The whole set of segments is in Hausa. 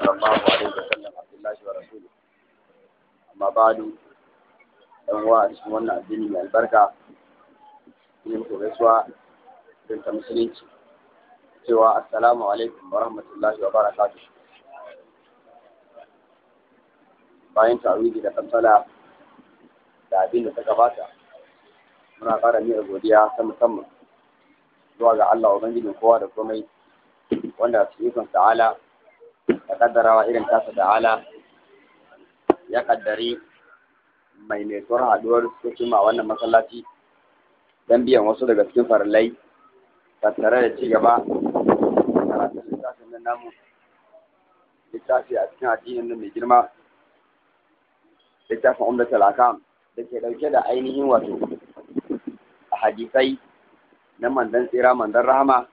صلى الله عليه وسلم عبد الله a cikin wannan addini mai albarka ne muku gaisuwa ta musulunci cewa assalamu alaikum wa rahmatullahi wa barakatuh bayan tawili da kansala da abin da ta gabata muna kara miyar godiya ta musamman zuwa ga Allah ubangijin kowa da komai wanda su ikon ta'ala kaddarawa irin tasa da ala ya kaddari mai netuwar haduwar cikin a wannan masallaci don biyan wasu daga cikin farlai tattare da ci gaba karatun littafin nan namu littafi a cikin addinin nan mai girma littafin umar talaka da ke dauke da ainihin wato a hadisai na mandan tsira mandan rahama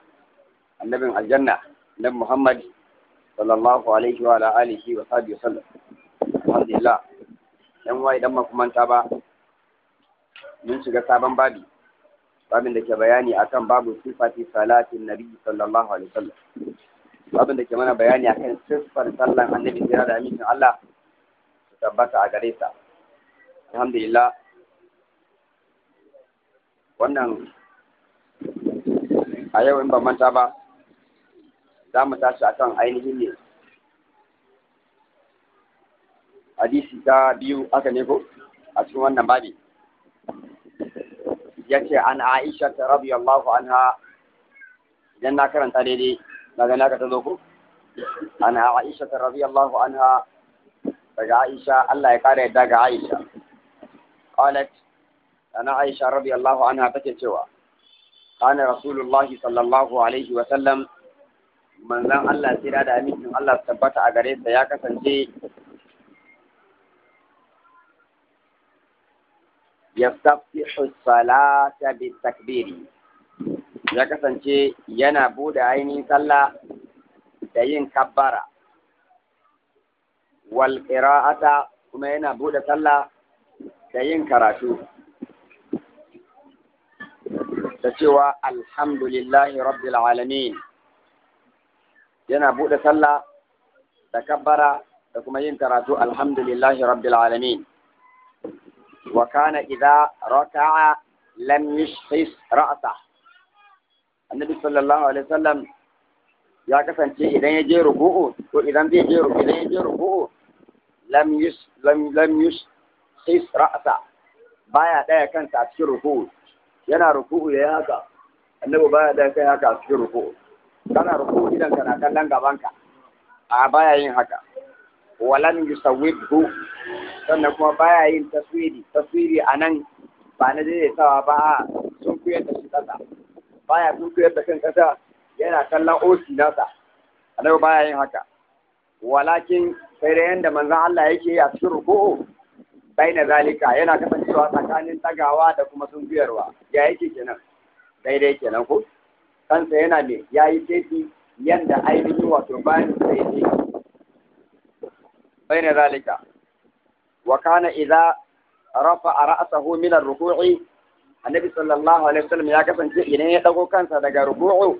annabin aljanna na muhammad sallallahu alaihi wa ala alihi wa sahbihi sallam alhamdulillah yan wa idan makumanta ba mun shiga sabon babi babin da ke bayani akan babu sifati salatin nabi sallallahu alaihi wa sallam babin da ke mana bayani akan sifar sallan annabi jira da amincin Allah su tabbata a gare sa alhamdulillah wannan a yau in ban manta ba za mu tashi a kan ainihin ne hadisi ta biyu aka ne ko a cikin wannan babi ya ce an aisha ta rabi allahu anha idan na karanta daidai na gani aka ta zo ko an aisha ta rabi allahu anha daga aisha allah ya kara yadda ga aisha قالت أنا عائشة رضي الله عنها تكتشوا كان رسول الله sallallahu alaihi wa sallam. manzan Allah tsira da amincin Allah su tabbata a gare sa ya kasance yastaftihu salata bi takbiri ya kasance yana bude ainihin sallah da yin kabbara wal qira'ata kuma yana bude sallah da yin karatu da cewa alhamdulillahi rabbil alamin yana buɗe sallah da kabbara da kuma yin karatu alhamdulillahi rabbil alamin wa kana idza raka'a lam yushis ra'sa annabi sallallahu alaihi wasallam ya kasance idan ya je ruku'u ko idan zai je ruku'u idan ya je ruku'u lam yus lam lam yus his ra'sa baya daya kansa a cikin ruku'u yana ruku'u yayi haka annabi baya daya kai haka a cikin ruku'u kana ruku idan kana kallon gabanka a baya yin haka walan yusawwidhu sannan kuma baya yin taswiri taswiri anan ba na daidaitawa ba sun kuyar da shi kasa baya sun kuyar da kan kasa yana kallon osi nasa anan baya yin haka walakin sai da yanda manzon Allah yake a cikin ruku'u baina zalika yana kasancewa tsakanin tagawa da kuma sunkuyarwa ya yake kenan daidai kenan ko kansa yana da ya yi tefi yadda ainihi wato bayan sai ne bai na zalika wa kana idza rafa ra'sahu min ar-ruku'i annabi sallallahu alaihi wasallam ya kasance idan ya dago kansa daga ruku'u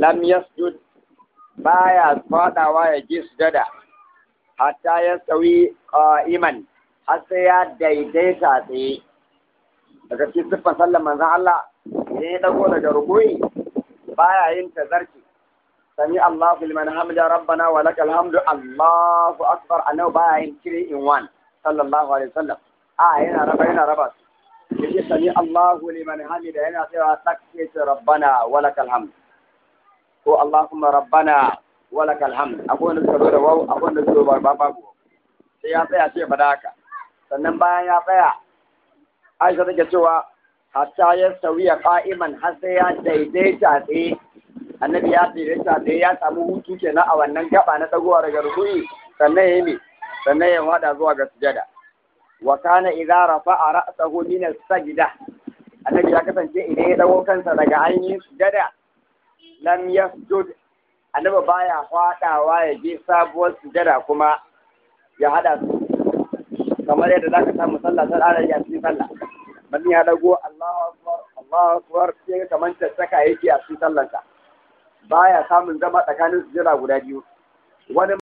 lam yasjud baya fadawa ya ji sujada hatta ya sa'wi qa'iman har sai ya daidaita tsaye daga cikin siffar manzon Allah idan ya dago daga ruku'i baya yin tazarci sami Allahu liman hamda rabbana wa lakal hamdu Allahu akbar annabi baya yin three in wan? sallallahu alaihi wasallam a yana raba yana raba yace sami Allahu liman hamida yana cewa takbir rabbana wa lakal hamd ko Allahumma rabbana wa lakal hamd akwai wanda suka da wau akwai wanda suka ba babu sai ya tsaya sai ya fada haka sannan bayan ya tsaya Aisha take cewa hatta ya sauya ka'iman har sai ya daidaita tsaye annabi ya daidaita tsaye ya samu hutu kenan a wannan gaba na dagowa daga rukuni sannan ya ne sannan ya wada zuwa ga sujada wa kana idza rafa'a ra'sahu min as-sajda annabi ya kasance idan ya dago kansa daga ainihin sujada lam yasjud annabi baya fadawa ya je sabuwar sujada kuma ya hada su kamar yadda zaka samu sallah sallah ya fi sallah wani ya dago Allah akbar Allahu akbar sai kamar ta saka yake a cikin sallarsa baya samun zama tsakanin sujjada guda biyu wani